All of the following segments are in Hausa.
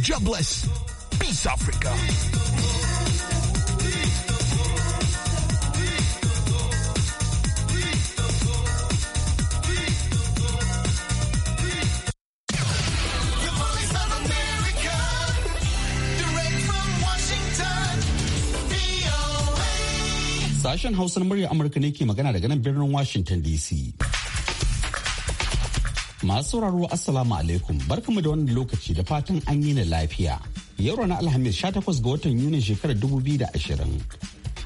jobless. Peace, Africa. Sashen Hausa na murya Amurka ne ke magana daga nan birnin Washington DC. Masu sauraro Assalamu alaikum barkamu da wannan lokaci da fatan an yi na lafiya. Yau rana Alhamis 18 ga watan Yuni shekarar 2020.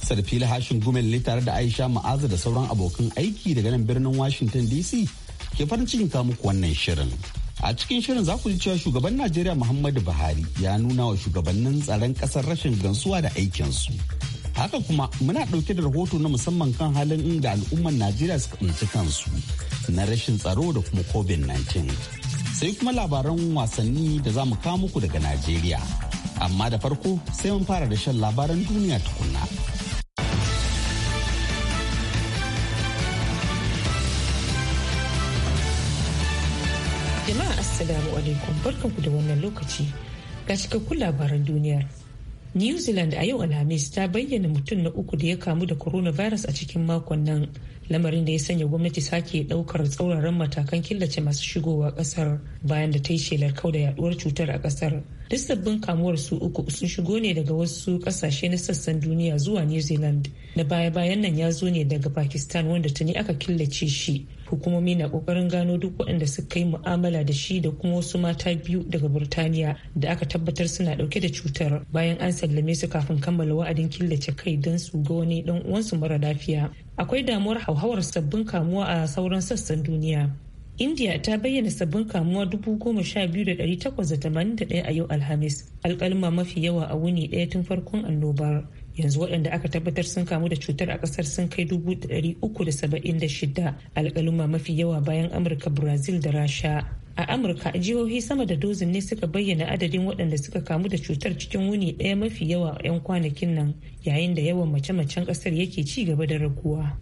Sarfi hashin gumel ne tare da Aisha Ma'aza da sauran abokan aiki daga nan birnin Washington DC ke farin cikin muku wannan shirin. A cikin shirin za ku ji cewa shugaban Najeriya Muhammadu Buhari ya nuna wa shugabannin tsaron kasar rashin gansuwa da aikinsu. Haka kuma muna ɗauke da rahoto na musamman kan halin inda al'ummar Najeriya suka kansu. na rashin tsaro da kuma covid-19 sai kuma labaran wasanni da za mu kawo muku daga najeriya amma da farko sai mun fara da shan labaran duniya tukunna jama'a assalamu alaikum barkanku da wannan lokaci ga cikakkun labaran duniyar new zealand a yau alhamis ta bayyana mutum na uku da ya kamu da coronavirus a cikin makon nan lamarin da ya sanya gwamnati sake daukar tsauraran matakan killace masu shigowa kasar bayan da ta yi shelar kau da yaduwar cutar a kasar duk sabbin kamuwar su uku sun shigo ne daga wasu kasashe na sassan duniya zuwa new zealand na baya-bayan nan ya zo ne daga pakistan wanda ta ne aka killace shi hukumomi na kokarin gano duk waɗanda suka yi mu'amala da shi da kuma wasu mata biyu daga burtaniya da aka tabbatar suna ɗauke da cutar bayan an sallame su kafin kammala wa'adin killace kai don su ga wani ɗan uwansu mara lafiya akwai damuwar hauhawar sabbin kamuwa a sauran sassan duniya india ta bayyana sabbin kamuwa 12,881 a yau alhamis alkalma mafi yawa a wuni ɗaya tun farkon annobar yanzu waɗanda aka tabbatar sun kamu da cutar a ƙasar sun kai 376 alkaluma mafi yawa bayan amurka brazil da rasha a amurka jihohi sama da dozin ne suka bayyana adadin waɗanda suka kamu da cutar cikin wuni ɗaya mafi yawa a 'yan kwanakin nan yayin da yawan mace-macen ƙasar yake ci gaba da raguwa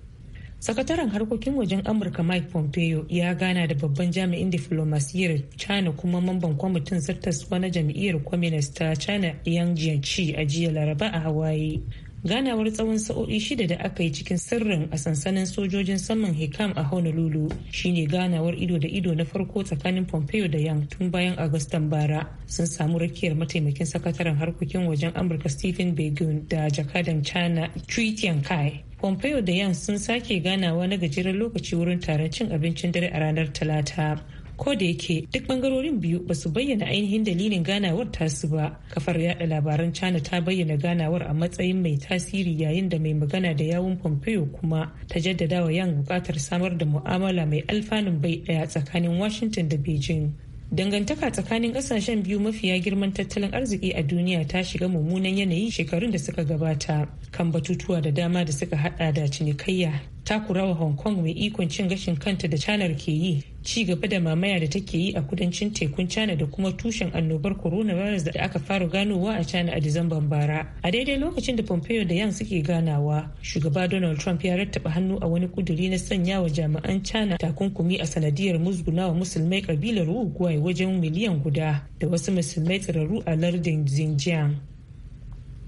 sakataren harkokin wajen amurka mike pompeo ya gana da babban jami'in diflomasiyyar china kuma mamban kwamitin zartaswa na jam'iyyar communist ta china yang jianci a jiya laraba a hawaii ganawar tsawon sa'o'i shida da aka yi cikin sirrin a sansanin sojojin saman hekam a honolulu shine ganawar ido da ido na farko tsakanin pompeo da yang tun bayan agustan bara sun samu rakiyar mataimakin sakataren harkokin wajen amurka stephen begun da jakadan china tritian kai pompeo da yang sun sake ganawa na gajeren lokaci wurin taron cin abincin dare a ranar talata ko da yake duk bangarorin biyu ba su bayyana ainihin dalilin ganawar tasu ba kafar yada labaran china ta bayyana ganawar a matsayin mai tasiri yayin da mai magana da yawun pompeo kuma ta jaddada wa yan bukatar samar da mu'amala mai alfanun bai daya tsakanin washington da beijing dangantaka tsakanin kasashen biyu mafiya girman tattalin arziki a duniya ta shiga mummunan yanayi shekarun da suka gabata kan batutuwa da dama da suka hada da cinikayya ta takurawa hong kong mai ikon cin gashin kanta da canar ke yi ci gaba da mamaya da take yi a kudancin tekun china da kuma tushen annobar coronavirus da aka fara ganowa a china a disamban bara a daidai lokacin da pompeo da yan suke ganawa shugaba donald trump ya rattaba hannu a wani kuduri na sanya wa jami'an china takunkumi a sanadiyar musgunawa musulmai kabilar uruguay wajen miliyan guda da wasu musulmai tsirarru a lardin xinjiang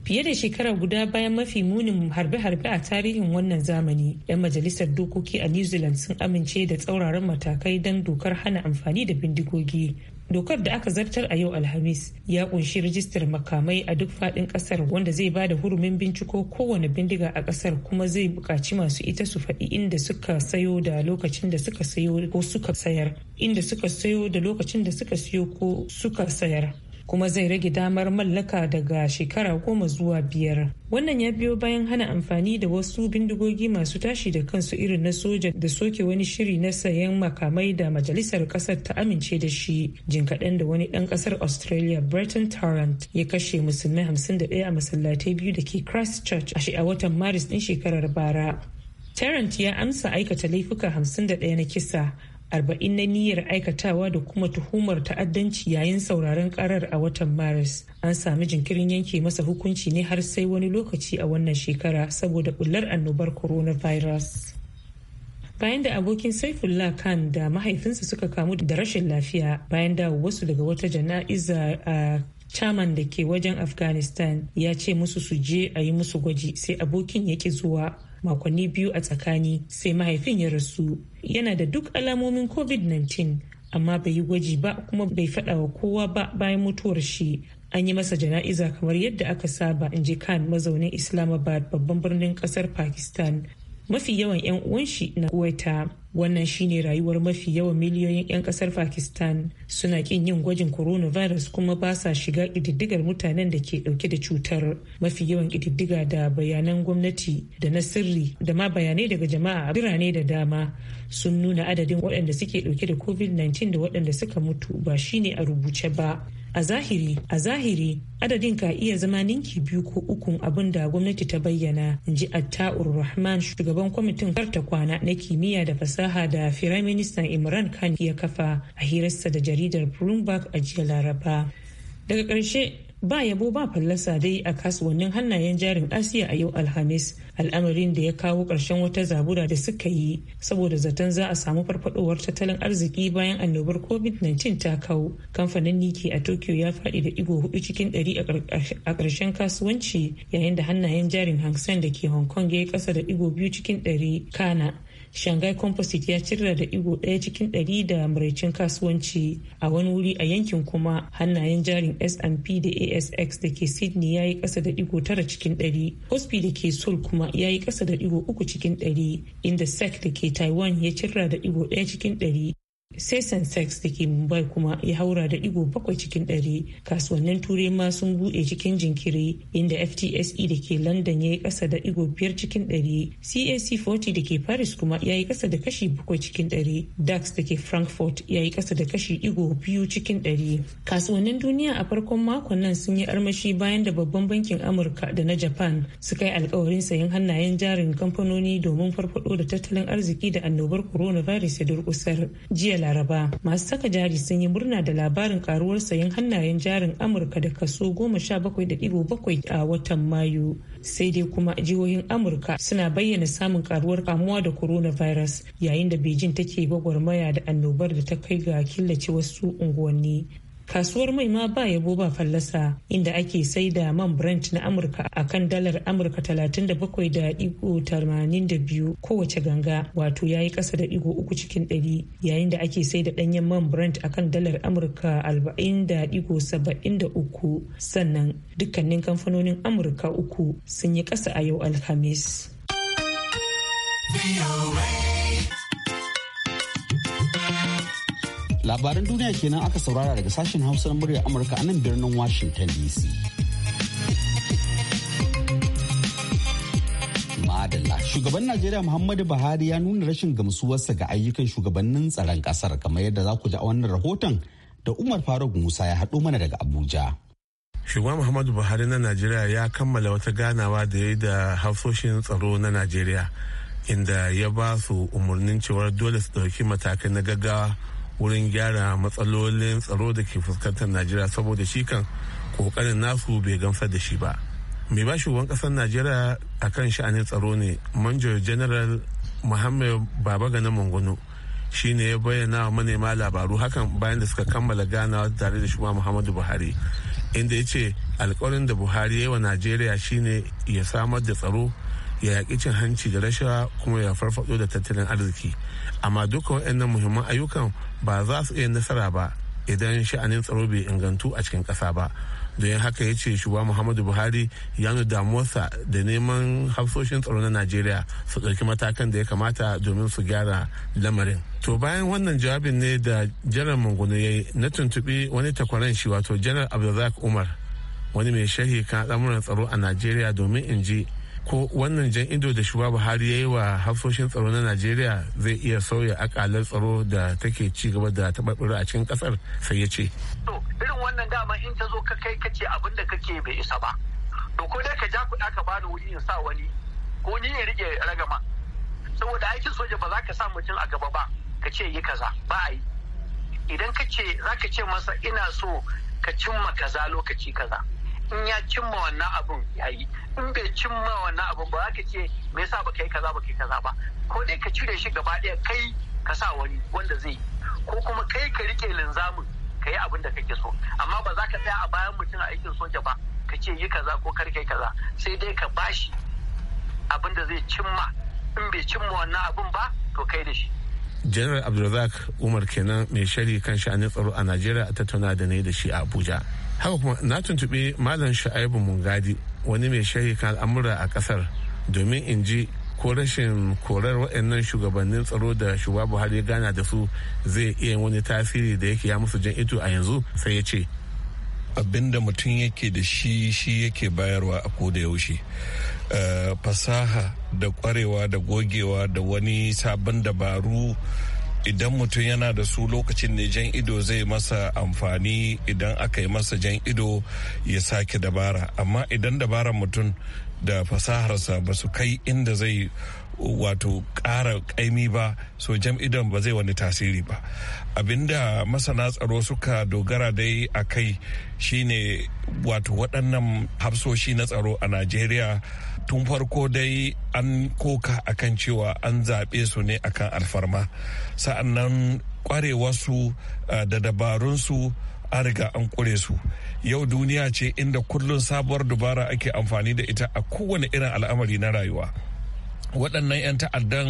fiye da shekara guda bayan mafi munin harbe-harbe a tarihin wannan zamani yan majalisar dokoki a new zealand sun amince da tsauraran matakai don dokar hana amfani da bindigogi dokar da aka zartar a yau alhamis ya kunshi rijistar makamai a duk fadin kasar wanda zai ba da hurumin binciko kowane bindiga a kasar kuma zai bukaci masu ita su faɗi inda suka sayo da lokacin da suka sayo ko suka sayar inda suka sayo da lokacin da suka sayo ko suka sayar kuma zai rage damar mallaka daga shekara goma zuwa biyar wannan ya biyo bayan hana amfani da wasu bindigogi masu tashi da kansu irin na soja da soke wani shiri na sayan makamai da majalisar kasar ta amince da shi jin kaɗan da wani ɗan ƙasar australia breton tarrant ya kashe musulmai 51 a masallatai biyu da ke christchurch a watan maris ɗin shekarar bara tarrant ya amsa aikata laifuka 51 na kisa arba'in na niyyar aikatawa da kuma tuhumar ta'addanci yayin sauraron karar a watan maris an sami jinkirin yanke masa hukunci ne har sai wani lokaci a wannan shekara saboda bullar annobar coronavirus bayan da abokin saifullah khan da mahaifinsa suka kamu da rashin lafiya bayan wasu daga wata jana'iza a chairman da ke wajen afghanistan ya ce musu su je a yi musu gwaji sai abokin ya ki zuwa makonni biyu a tsakani sai mahaifin ya rasu yana da duk alamomin covid-19 amma bai yi gwaji ba kuma bai faɗa wa kowa ba bayan mutuwar shi an yi masa jana'iza kamar yadda aka saba in ji khan mazaunin islamabad babban birnin kasar pakistan mafi yawan 'yan uwan shi na kuwaita wannan shine rayuwar mafi yawan miliyoyin 'yan kasar pakistan suna kin yin gwajin coronavirus kuma ba sa shiga ƙididdigar mutanen da ke ɗauke da cutar mafi yawan ƙididdiga da bayanan gwamnati da na sirri da ma bayanai daga jama'a a birane da dama sun nuna adadin waɗanda suke ɗauke da covid-19 da waɗanda suka mutu ba shine a rubuce ba a zahiri a zahiri adadin ka iya zama ninki biyu ko ukun abin da gwamnati ta bayyana in ji attaur rahman shugaban kwamitin karta kwana na kimiyya da fasaha fasaha da firaministan imran khan ya kafa a hirarsa da jaridar bloomberg a jiya laraba daga ƙarshe ba yabo ba fallasa dai a kasuwannin hannayen jarin asiya a yau alhamis al'amarin da ya kawo ƙarshen wata zabura da suka yi saboda zaton za a samu farfadowar tattalin arziki bayan annobar covid-19 ta kawo kamfanin niki a tokyo ya faɗi da igo hudu cikin ɗari a ƙarshen kasuwanci yayin da hannayen jarin hang da ke hong kong ya yi ƙasa da igo biyu cikin ɗari kana shanghai composite ya cirra da igo ɗaya cikin ɗari da maraicin kasuwanci a wani wuri a yankin kuma hannayen jarin S&P da ASX da ke Sydney ya yi ƙasa da igo tara cikin ɗari. Kospi da ke Seoul kuma ya yi ƙasa da igo uku cikin ɗari, inda SEC da ke Taiwan ya cirra da igo ɗaya cikin ɗari. sai sensex da ke mumbai kuma ya haura da digo bakwai cikin ɗari kasuwannin turai ma sun buɗe cikin jinkiri inda ftse da ke london ya yi ƙasa da digo biyar cikin ɗari cac 40 da ke paris kuma ya yi ƙasa da kashi bakwai cikin ɗari dax da ke frankfurt ya yi ƙasa da kashi digo biyu cikin ɗari kasuwannin duniya a farkon makon nan sun yi armashi bayan da babban bankin amurka da na japan suka yi alkawarin sayen hannayen jarin kamfanoni domin farfado da tattalin arziki da annobar coronavirus ya durƙusar jiya laraba masu saka jari sun yi murna da labarin karuwar sayan hannayen jarin amurka da kaso goma sha bakwai da ɗigo bakwai a watan mayu sai dai kuma jihohin amurka suna bayyana samun karuwar kamuwa da coronavirus yayin da beijing take gwagwarmaya da annobar da ta kai ga killace wasu unguwanni kasuwar mai ma ba yabo ba fallasa inda ake sai da man brent na amurka a kan dalar amurka 37.82 kowace ganga wato ya yi kasa da digo uku cikin ɗari yayin da ake sai da ɗanyen man brent a kan dalar amurka 40.73 sannan dukkanin kamfanonin amurka uku sun yi kasa a yau alhamis. labaran duniya kenan aka saurara daga sashen hausa na muryar amurka a nan birnin washington dc Shugaban Najeriya Muhammadu Buhari ya nuna rashin gamsuwarsa ga ayyukan shugabannin tsaron kasar kamar yadda za ku ji a wannan rahoton da Umar Faruk Musa ya haɗo mana daga Abuja. Shugaban Muhammadu Buhari na Najeriya ya kammala wata ganawa da ya yi da hafsoshin tsaro na Najeriya inda ya ba su umarnin cewar dole su ɗauki matakai na gaggawa wurin gyara matsalolin tsaro da ke fuskantar najeriya saboda shi kan kokarin nasu bai gamsar da shi ba mai ba shugaban kasar najeriya a kan sha'anin tsaro ne manjo general muhammad babagana mangwano shi ne ya bayyana wa manema labaru hakan bayan da suka kammala ganawa tare da shugaban muhammadu buhari inda ya ce alkawarin da buhari ya yi wa najeriya shine ya samar da tsaro ya yaƙi cin hanci da rashawa kuma ya farfaɗo da tattalin arziki amma duka waɗannan muhimman ayyukan ba za su iya nasara ba idan sha'anin tsaro bai ingantu a cikin ƙasa ba don haka ya ce shugaba muhammadu buhari ya nuna damuwarsa da neman hafsoshin tsaro na najeriya su ɗauki matakan da ya kamata domin su gyara lamarin to bayan wannan jawabin ne da janar mangwani ya yi na tuntuɓi wani takwaran shi wato janar abdulrazak umar wani mai shahi kan al'amuran tsaro a najeriya domin in ji ko wannan jan ido da shugaba buhari ya yi wa hafsoshin tsaro na najeriya zai iya sauya akalar tsaro da take ci gaba da taɓarɓare a cikin ƙasar sai ya ce. to irin wannan dama in ta zo ka kai ka ce abin da kake bai isa ba to ko dai ka ja kuɗa ka bani wuri in sa wani ko ni ne rike ragama saboda aikin soja ba za ka sa mutum a gaba ba ka ce yi kaza ba a yi idan ka ce za ka ce masa ina so ka cimma kaza lokaci kaza in ya cimma wannan abun ya yi in bai cimma wannan abun ba za ka ce me yasa ba yi kaza ba yi kaza ba ko dai ka cire shi gaba ɗaya kai ka sa wani wanda zai ko kuma kai ka rike linzamin ka yi abin da kake so amma ba za ka tsaya a bayan mutum a aikin soja ba ka ce yi kaza ko kar kai kaza sai dai ka bashi abin da zai cimma in bai cimma wannan abun ba to kai da shi general abdulrazak umar kenan mai shari kan sha'anin tsaro a najeriya a tattauna da ne da shi a abuja haka kuma na tuntuɓi malam sha'ibu mungadi wani mai shahi kan al'amura a ƙasar domin in ji ko rashin korar waɗannan shugabannin tsaro da shugaba buhari gana da su zai iya wani tasiri da yake ya musu jan ito a yanzu sai ya ce abinda mutum yake da shi shi yake bayarwa a koda yaushe eh, fasaha da kwarewa da gogewa da wani sabon dabaru idan mutum yana da su lokacin ne jan ido zai masa amfani idan aka yi masa jan ido ya sake dabara amma idan dabarar mutum da fasaharsa ba su kai inda zai wato ƙara ƙaimi ba so jam idon ba zai wani tasiri ba abinda masana tsaro suka dogara dai a kai shine wato waɗannan hafsoshi na tsaro a najeriya tun farko dai an koka akan cewa an zaɓe su ne akan alfarma sa'annan kwarewarsu eh, da dabarunsu an riga an kure su yau duniya ce inda kullum sabuwar dubara ake amfani da ita a kowane irin al'amari na rayuwa waɗannan 'yan ta'addan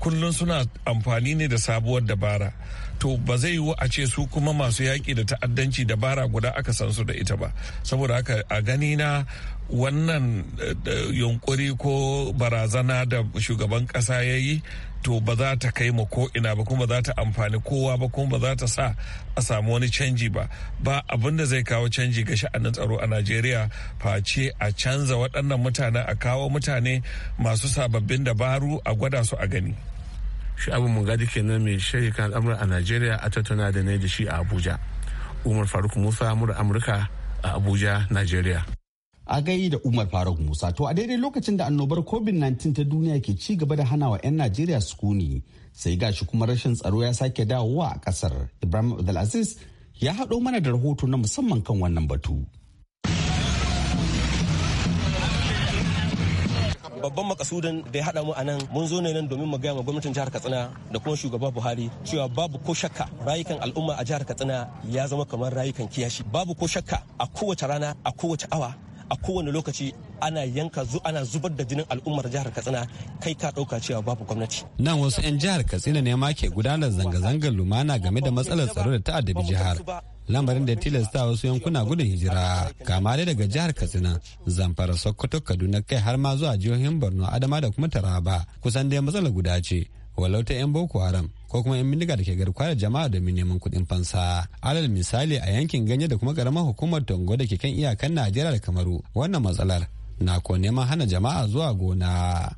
kullum suna amfani ne da sabuwar dabara to ba zai yiwu a ce su kuma masu yaƙi da ta'addanci dabara guda aka san su da ita ba saboda haka a gani na wannan eh, eh, yunkuri ko barazana da shugaban ƙasa ya yi to ba za ta kai mu ko ina ba kuma za ta amfani kowa ba kuma ba za ta sa a samu wani canji ba ba abin da zai kawo canji ga sha'anin tsaro a najeriya face a canza waɗannan mutane a kawo mutane masu sababbin dabaru a gwada su a gani sha'abu mungadi kenan mai shirya kan al'amura a najeriya a tattauna da na da shi a abuja umar faruk musa mura amurka a abuja najeriya a gai da umar faruk musa to a daidai lokacin da annobar covid-19 ta duniya ke ci gaba da hana wa 'yan najeriya sukuni sai gashi kuma rashin tsaro ya sake dawowa a kasar ibrahim abdulaziz ya haɗo mana da rahoto na musamman kan wannan batu babban makasudin da ya haɗa mu a nan mun zo ne nan domin mu gaya ma gwamnatin jihar katsina da kuma shugaba buhari cewa babu ko shakka rayukan al'umma a jihar katsina ya zama kamar rayukan kiyashi babu ko shakka a kowace rana a kowace awa a kowane lokaci ana yanka zu ana zubar da jinin al'ummar jihar katsina kai ka ɗauka cewa babu gwamnati nan wasu 'yan jihar katsina ne ma ke gudanar zanga-zangar lumana game da matsalar tsaro da ta'addabi jihar lamarin da ya tilasta wasu yankuna gudun hijira kama dai daga jihar katsina zamfara sokoto kaduna kai har ma zuwa jihohin borno adama da kuma taraba kusan dai matsala guda ce walau ta 'yan boko haram ko kuma 'yan bindiga da ke garkuwa da jama'a domin neman kuɗin fansa alal misali a yankin ganye da kuma karamar hukumar tongo da ke kan iyakan najeriya da kamaru wannan matsalar na ko neman hana jama'a zuwa gona.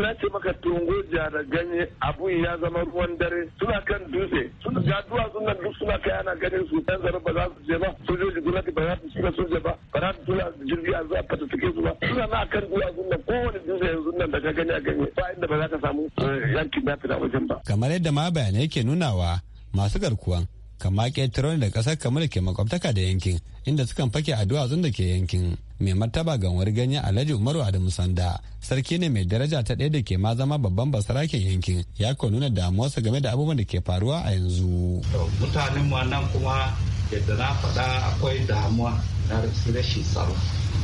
Na ce maka tungo da ganye abu ya zama ruwan dare suna kan dutse suna ga duwatsun duk suna kai ana ganin su ɗan zaro ba za su je ba sojoji gwamnati ba za su shiga soja ba ba za su tura jirgi a zuwa fata suke su ba suna na kan duwatsun nan kowane dutse yanzu nan da ka gani a ganye ba inda ba za ka samu eh, yankin na fita wajen ba. Kamar yadda ma bayanai ke nunawa masu garkuwan kama ƙetare da ƙasar kamar ke makwabtaka da yankin inda sukan fake a duwatsun da ke yankin mai martaba ga wari ganye alhaji umaru adamu sanda sarki ne mai daraja ta ɗaya da ke ma zama babban basaraken yankin ya ko nuna damuwarsa game da abubuwan da ke faruwa a yanzu. mutanen mu nan kuma yadda na faɗa akwai damuwa na rashin tsaro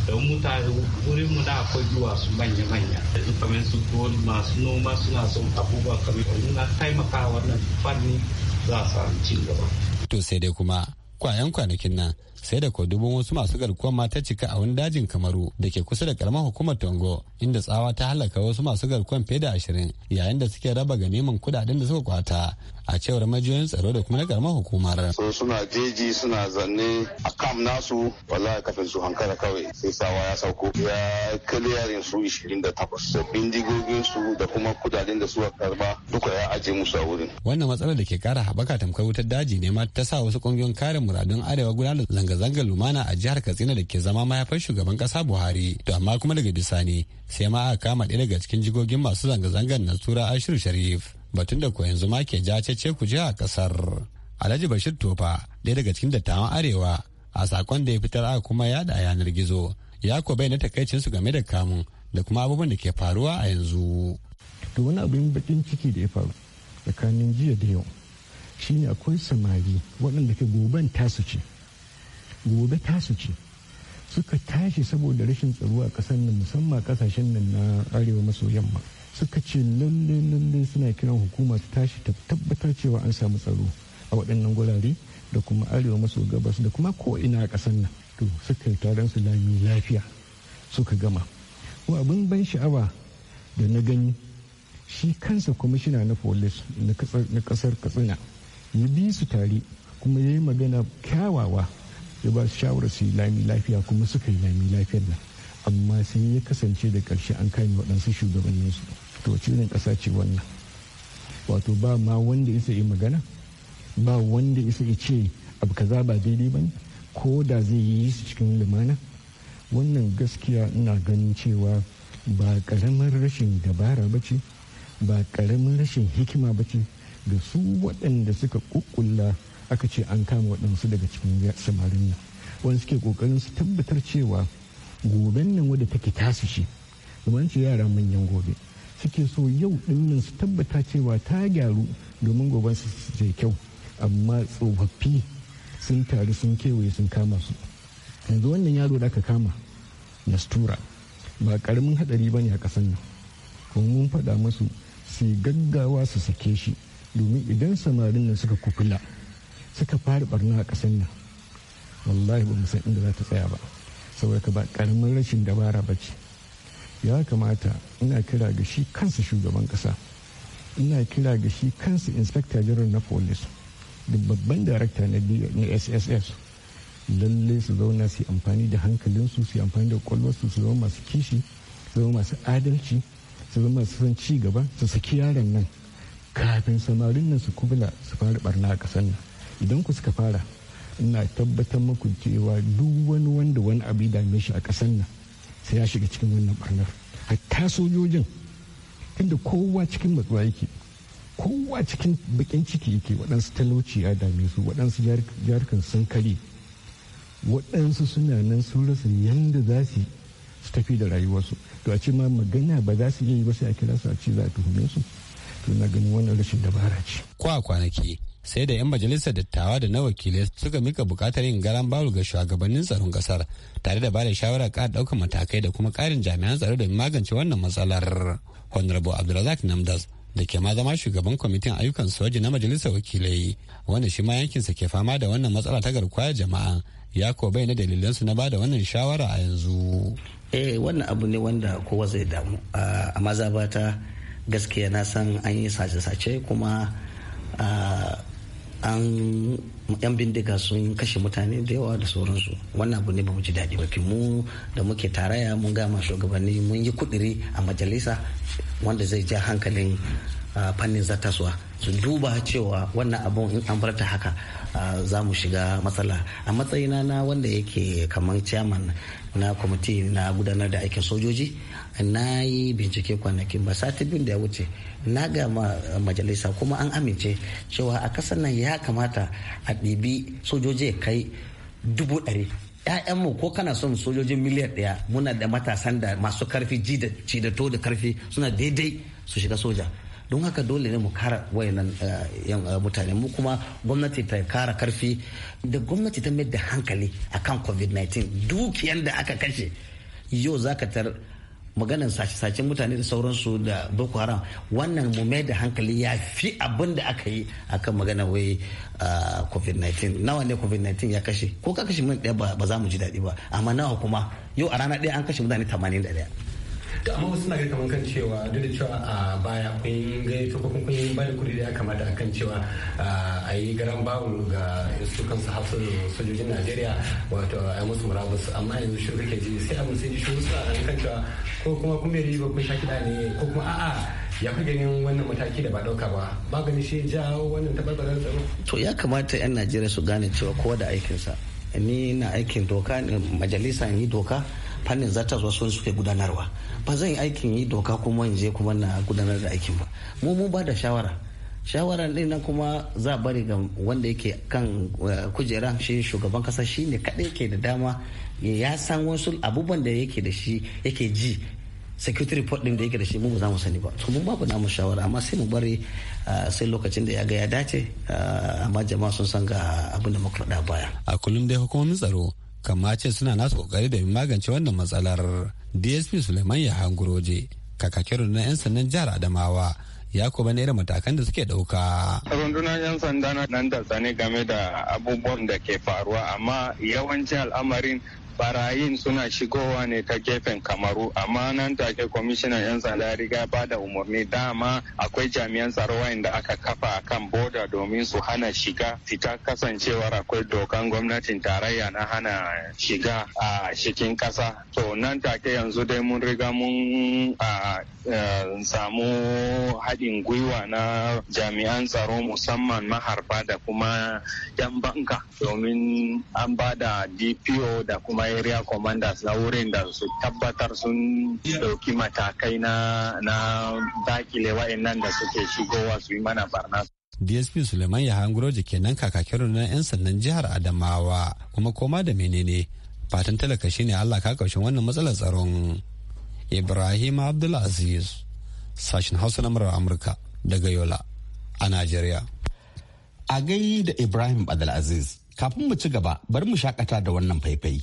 don mutane wurin mu na akwai su manya-manya yanzu kamar su masu noma suna son abubuwa kamar na taimaka wannan fanni za a samu ci gaba. To sai dai kuma kwayan kwanakin nan sai da kwadubin wasu masu garkuwar ta cika a wani dajin kamaru da ke kusa da karamar hukumar tongo inda tsawa ta halaka wasu masu garkuwar fiye da ashirin yayin da suke raba ganiman kudaden da suka kwata a cewar majiyoyin tsaro da kuma na karamar hukumar. so suna jeji suna zanne a kam nasu wala kafin su hankala kawai sai sawa ya sauko ya kiliyarin su ishirin da takwas da bindigogin su da kuma kudaden da suka karba duka ya aje musu a wurin. wannan matsalar da ke kara haɓaka tamkar wutar daji ne ma ta sa wasu ƙungiyoyin kare muradun arewa gudanar zanga zanga-zangar lumana a jihar katsina da ke zama mayafar shugaban kasa buhari to amma kuma daga bisani sai ma aka kama ɗaya daga cikin jigogin masu zanga-zangar na tura ashiru sharif batun da ko yanzu ma ke jace ce ku je a kasar alhaji bashir tofa ɗaya daga cikin dattawan arewa a sakon da ya fitar aka kuma yada a yanar gizo ya ko bayyana takaicinsu game da kamun da kuma abubuwan da ke faruwa a yanzu. To wani abin bakin ciki da ya faru tsakanin jiya da yau shine akwai samari waɗanda ke goban tasu ce gobe tasu ce suka tashi saboda rashin tsaro a ƙasar nan musamman ƙasashen nan na arewa maso yamma suka ce lalle lalle suna kiran hukuma su tashi ta tabbatar cewa an samu tsaro a waɗannan gurare da kuma arewa maso gabas da kuma ko ina a ƙasar nan to suka yi taron su lami lafiya suka gama ko abin ban sha'awa da na gani shi kansa kwamishina na polis na ƙasar katsina ya bi su tare kuma ya yi magana kyawawa ya ba su shawarar su yi lami lafiya kuma suka yi lami lafiyar nan amma sai ya kasance da karshe an kame waɗansu shugabannin su to cikin ƙasa ce wannan wato ba ma wanda isa yi magana ba wanda isa ya ce abu kaza ba daidai ba ne ko da zai yi su cikin lumana wannan gaskiya ina ganin cewa ba ƙaramin rashin dabara ba ce ba karamin rashin hikima ba ce ga su waɗanda suka ƙuƙulla aka ce an kama waɗansu daga cikin samarin nan wani suke kokarin su tabbatar cewa goben nan wadda take tasu shi domin ce yara manyan gobe suke so yau ɗinnan su tabbata cewa ta gyaru domin goben su je kyau amma tsofaffi sun taru sun kewaye sun kama su yanzu wannan yaro da aka kama na tura ba karamin hadari bane a kasan nan kuma mun faɗa masu sai gaggawa su sake shi domin idan samarin nan suka kufula suka fara barna a ƙasar nan wallahi ba mu san inda za ta tsaya ba saboda ka ba karamin rashin dabara ba ce ya kamata ina kira ga shi kansa shugaban ƙasa ina kira ga shi kansa inspector general na police da babban darakta na sss lalle su zauna su amfani da hankalinsu su amfani da kwallonsu su zama masu kishi su zama masu adalci su zama masu son ci gaba su saki yaron nan kafin samarin nan su kubula su fara barna a ƙasar nan idan ku suka fara ina tabbatar muku cewa duk wani wanda wani abu ya dame shi a ƙasar nan sai ya shiga cikin wannan barnar hatta sojojin inda kowa cikin matsuwa yake kowa cikin bakin ciki yake waɗansu talauci ya dame su waɗansu jarkan sun kare waɗansu suna nan sun rasa yadda za su su tafi da rayuwarsu to a ce ma magana ba za su iya yi ba sai a kira su a ce za a tuhume su to na ganin wannan rashin dabara ce. Kwa kwanaki sai da 'yan majalisar dattawa da na wakilai suka mika bukatar yin garan bawul ga shugabannin tsaron kasar tare da bada shawara ƙara ɗaukar matakai da kuma karin jami'an tsaro don magance wannan matsalar honorable abdulrazak namdas da ke ma zama shugaban kwamitin ayyukan soji na majalisar wakilai wanda shi ma yankinsa ke fama da wannan matsala ta garkuwa jama'a ya ko bai na dalilansu na bada wannan shawara a yanzu eh wannan abu ne wanda kowa zai damu ah, a mazabata gaskiya na san an yi sace-sace kuma ah, an yan bindiga sun kashe mutane da yawa da sauransu wannan abu ne ba mu ji daɗi ba mu da muke taraya mun gama shugabanni mun yi kudiri a majalisa wanda zai ja hankalin ah, fannin zatasuwa su duba cewa wannan abun in an farta haka za mu shiga matsala a matsayina na wanda yake kamar chairman na kwamiti na gudanar da aikin sojoji na yi bincike kwanakin ba sati biyu da ya wuce na ga majalisa kuma an amince cewa a kasar nan ya kamata a ɗibi sojoji kai dubu ɗari mu ko kana son sojojin miliyan ɗaya muna da matasan da masu karfi ji da to da karfi suna daidai su shiga soja don haka dole ne mu kara wayannan eh, eh, mutane mu kuma gwamnati ta kara karfi da gwamnati ta mai da hankali akan covid-19 dukiyan da aka kashe yau za ka tar maganan sace-sace mutane da sauransu da boko haram wannan mu mai da hankali ya fi abin da aka yi akan magana wai ah, covid-19 nawa ne covid-19 ya kashe ko ka kashe mun ɗaya ba za mu ji daɗi ba amma nawa kuma yau a rana ɗaya an kashe mutane 81 amma wasu na kamar kan cewa duk da cewa a baya kun gaito ko kun yi bada kuɗi da ya kamata a kan cewa a yi garan bawul ga su kansu hafsu sojojin najeriya wato a yi musu murabus amma yanzu shiru kake ji sai a musu ji shiru a kan cewa ko kuma kun bai riba kun sha kiɗa ne ko kuma a'a ya fi ganin wannan mataki da ba ɗauka ba ba gani shi jawo wannan tabarbarar tsaro. to ya kamata 'yan najeriya su gane cewa kowa da aikinsa ni na aikin doka majalisa ni doka fannin zo sun suke gudanarwa ba zan yi aikin yi doka kuma in je kuma na gudanar da aikin ba mu mu ba da shawara shawaran din nan kuma za bari ga wanda yake kan eh, kujeran shi shugaban kasa shi ne kaɗai ke da dama ya san wasu abubuwan da yake da shi yake ji security report din da yake da shi mu za mu sani ba to mun babu namu shawara amma sai mu bari eh, sai lokacin da ya ga ya dace eh, amma jama'a sun san ga abin da muka baya a kullum dai hukumomin tsaro kama ce suna nasu kokari da magance wannan matsalar dsp suleiman ya hanguroje kakakin na 'yan sannan jihar adamawa ya kuma irin matakan da suke dauka. rundunar 'yan sanda na nan da game da abubuwan da ke faruwa amma yawancin al'amarin barayin suna shigowa ne ta gefen kamaru amma nan take kwamishinan 'yan ya riga ba da umarni dama akwai jami'an tsaro wanda aka kafa a kan boda domin su hana shiga fita kasancewar akwai dokan gwamnatin tarayya na hana shiga a cikin kasa to nan take yanzu dai mun riga mun samu haɗin gwiwa na jami'an tsaro musamman maharba da kuma 'yan banka domin an ba da dpo da kuma area commanders na wurin da su tabbatar sun dauki matakai na na dakile wa'annan da suke shigowa su yi mana barna dsp suleiman yahanguroji kenan kakakin na 'yan sannan jihar adamawa kuma koma da menene fatan talaka shine allah ka kaushin wannan matsalar tsaron ibrahim abdulaziz sashen hausa na murar amurka daga yola a najeriya a gai da ibrahim abdulaziz Kafin mu ci gaba, bari mu shakata da wannan faifai.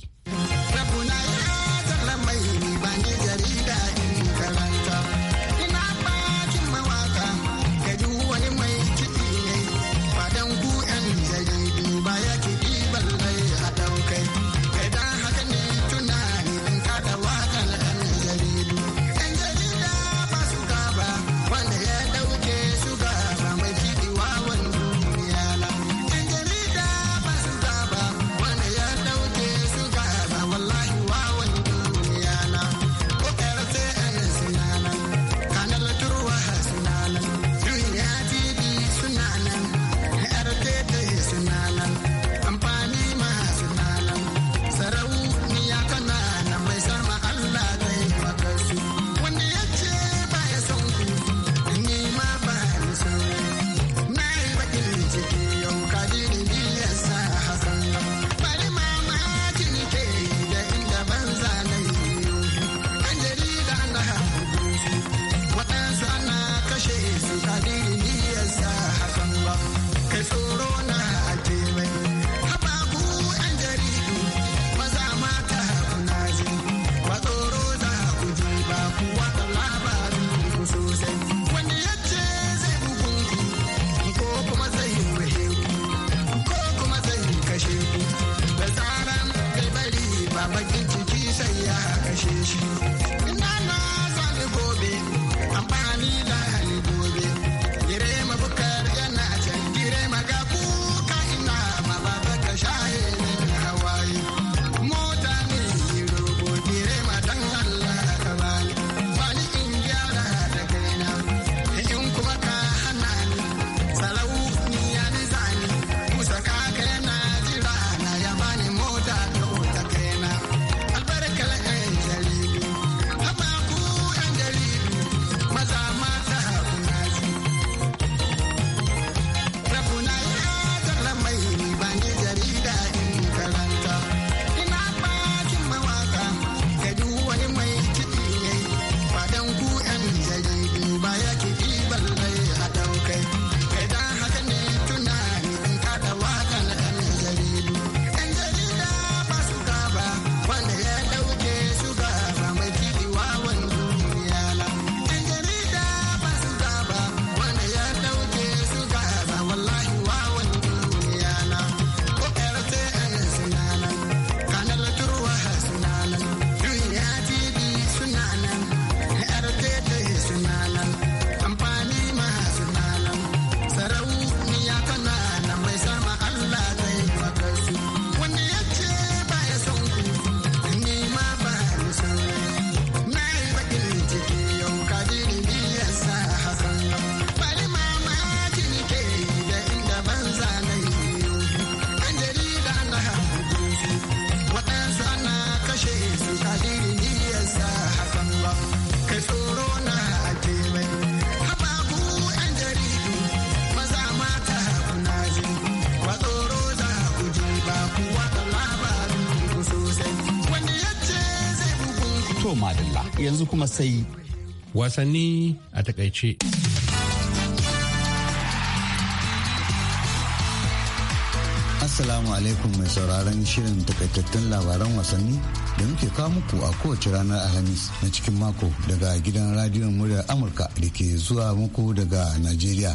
yanzu kuma sai wasanni a takaice Assalamu alaikum mai sauraron shirin takaitattun labaran wasanni da muke kawo muku a kowace ranar Alhamis na cikin mako daga gidan radiyon muryar Amurka da ke zuwa muku daga Najeriya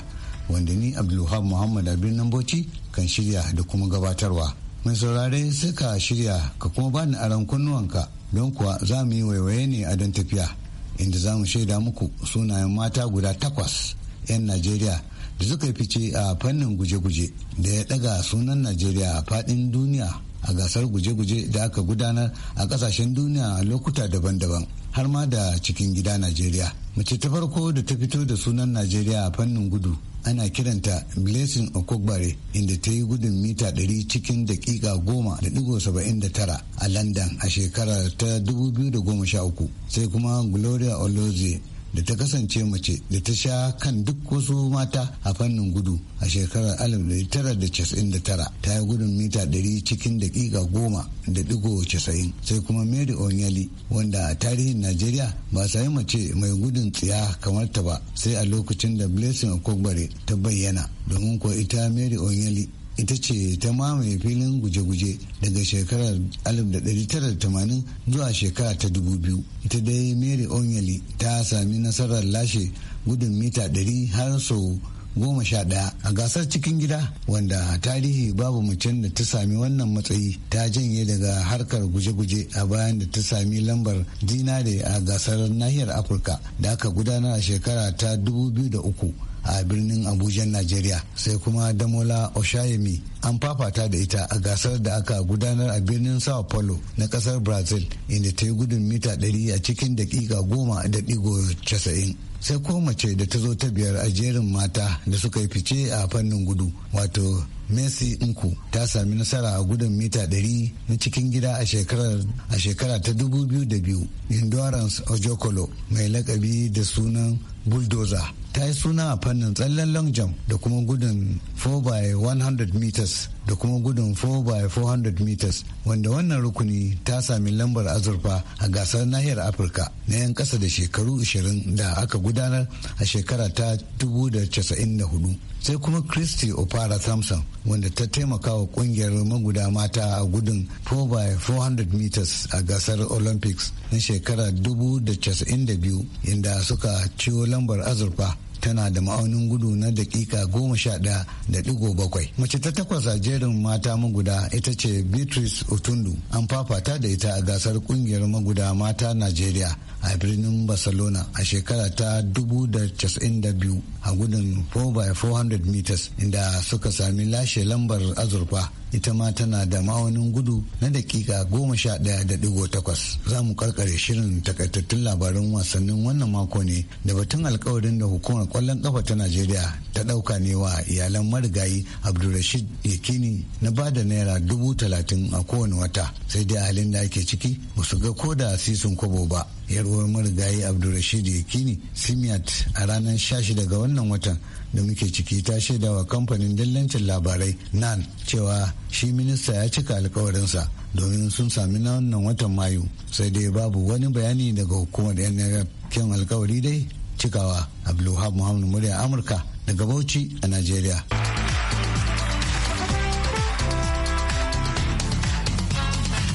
wanda ni Abdulhab Muhammad Abin Bauchi kan shirya da kuma gabatarwa. Mai saurare sai ka shirya ka kuma bani aron kunnuwanka don kuwa za mu yi waiwaye ne a don tafiya inda za mu shaida muku sunayen mata guda takwas 'yan najeriya da suka yi fice a fannin guje-guje da ya daga sunan najeriya a fadin duniya a gasar guje-guje da aka gudanar a kasashen duniya a lokuta daban-daban har ma da cikin gida najeriya mace ta farko da ta fito da sunan najeriya a fannin gudu ana kiranta blessing okogbare inda ta yi gudun mita 100 cikin dakika goma da tara a london a shekarar ta 2013 sai kuma gloria olozie da ta kasance mace da ta sha kan duk wasu mata a fannin gudu a shekarar 1999 ta yi gudun mita 100 cikin dakika goma da ɗigo 90 sai kuma mary onyali wanda a tarihin najeriya ba sa yi mace mai gudun tsiya kamar ta ba sai a lokacin da blessing okogbare ta bayyana domin ko ita mary onyali ita ce ta mamaye filin guje-guje daga shekarar 1980 zuwa shekara ta 2000 ita dai mary onyeli ta sami nasarar lashe gudun mita 100 har sau goma sha ɗaya a gasar cikin gida wanda tarihi babu macen da ta sami wannan matsayi ta janye daga harkar guje-guje a bayan da ta sami lambar zinare a gasar nahiyar afirka da aka gudanar a shekara ta 2003 a birnin abuja nigeria sai kuma damola oshayemi an fafata da ita a gasar da aka gudanar a birnin sao paulo na kasar brazil inda ta yi gudun mita 100 a cikin dakika goma da digo casa'in sai ko mace da ta zo ta biyar a jerin mata da suka yi fice a fannin gudu wato messi nku ta sami nasara a gudun mita 100 na cikin gida a shekara ta 2002 endurance ojokolo mai lakabi da sunan bulldozer ta yi suna a fannin tsallen long jump da kuma gudun 4 by 100 meters meters da kuma gudun 4 by 400 meters wanda wannan rukuni ta sami lambar azurfa a gasar nahiyar afirka na 'yan kasa da shekaru 20 da aka gudanar a shekara ta 1994 sai kuma christy opara thompson wanda ta taimaka wa kungiyar maguda mata a gudun 4 by 400 meters a gasar olympics na shekara 1992 inda suka ciwo lambar azurfa tana da ma'aunin gudu na dakika goma sha ɗaya da ɗigo bakwai mace ta takwas a jerin mata maguda ita ce beatrice otundu an fafata da ita a gasar kungiyar maguda mata najeriya a birnin barcelona a shekara ta 1992 a gudun 4x400 meters inda suka sami lashe lambar azurfa ita ma tana da ma'aunin gudu na dakika goma sha ɗaya da ɗigo takwas za mu karkare shirin takaitattun labarin wasannin wannan mako ne da batun alkawarin da hukumar kwallon kafa ta najeriya ta ɗauka ne wa iyalan marigayi abdulrashid yakini na ba da naira dubu talatin a kowane wata sai dai halin da ake ciki ba ga ko da sisun kobo ba yar yarwar marigayi abdulrashid yakini simiat a ranar 16 ga wannan watan da muke ciki ta shaida wa kamfanin dillancin labarai nan cewa shi minista ya cika alkawarinsa domin sun sami na wannan watan mayu sai dai babu wani bayani daga hukumar nrf kyan alkawari dai cikawa abdulhab muhammadu murya amurka daga bauchi a najeriya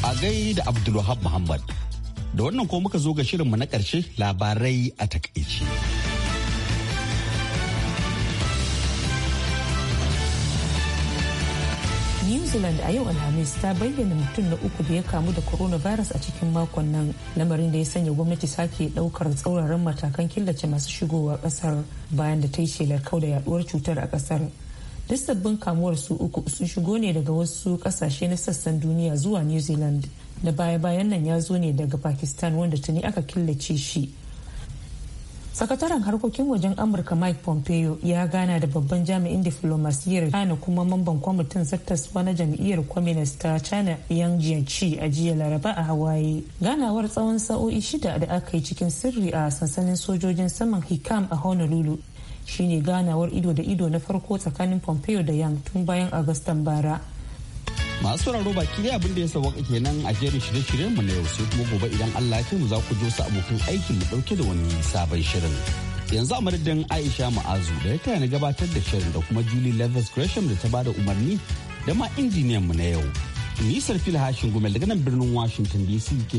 a gai da abdulwahab muhammad da wannan ko muka zo ga shirinmu na ƙarshe labarai a takaici. new zealand a yau alhamis ta bayyana mutum na uku da ya kamu da coronavirus a cikin makon nan lamarin da ya sanya gwamnati sake daukar tsauraran matakan killace masu shigowa kasar bayan da ta yi shelar kau da yaduwar cutar a kasar duk sabbin kamuwar su uku sun shigo ne daga wasu kasashe na sassan duniya zuwa new zealand da baya-bayan nan ya zo ne daga pakistan wanda tuni aka killace shi sakataren harkokin wajen amurka mike pompeo ya gana da babban jami'in diflomasiyyar china kuma mamban kwamitin zattaswa na jam'iyyar communist ta china yang jianchi a jiya laraba a hawaii ganawar tsawon sa'o'i shida da aka yi cikin sirri a sansanin sojojin saman hikam a honolulu shine ganawar ido da ido na farko tsakanin pompeo da yang tun bayan agustan bara masu sauraro baki ne abin da ya sauwaka kenan a jerin shirye-shiryen mu na yau sai kuma gobe idan Allah ya mu za ku jo su abokan aikin mu dauke da wani sabon shirin yanzu a madadin Aisha Ma'azu da ya taya na gabatar da shirin da kuma Julie Levis Gresham da ta bada umarni da ma injiniyan mu na yau ni sarfil hashin gumel daga nan birnin Washington DC ke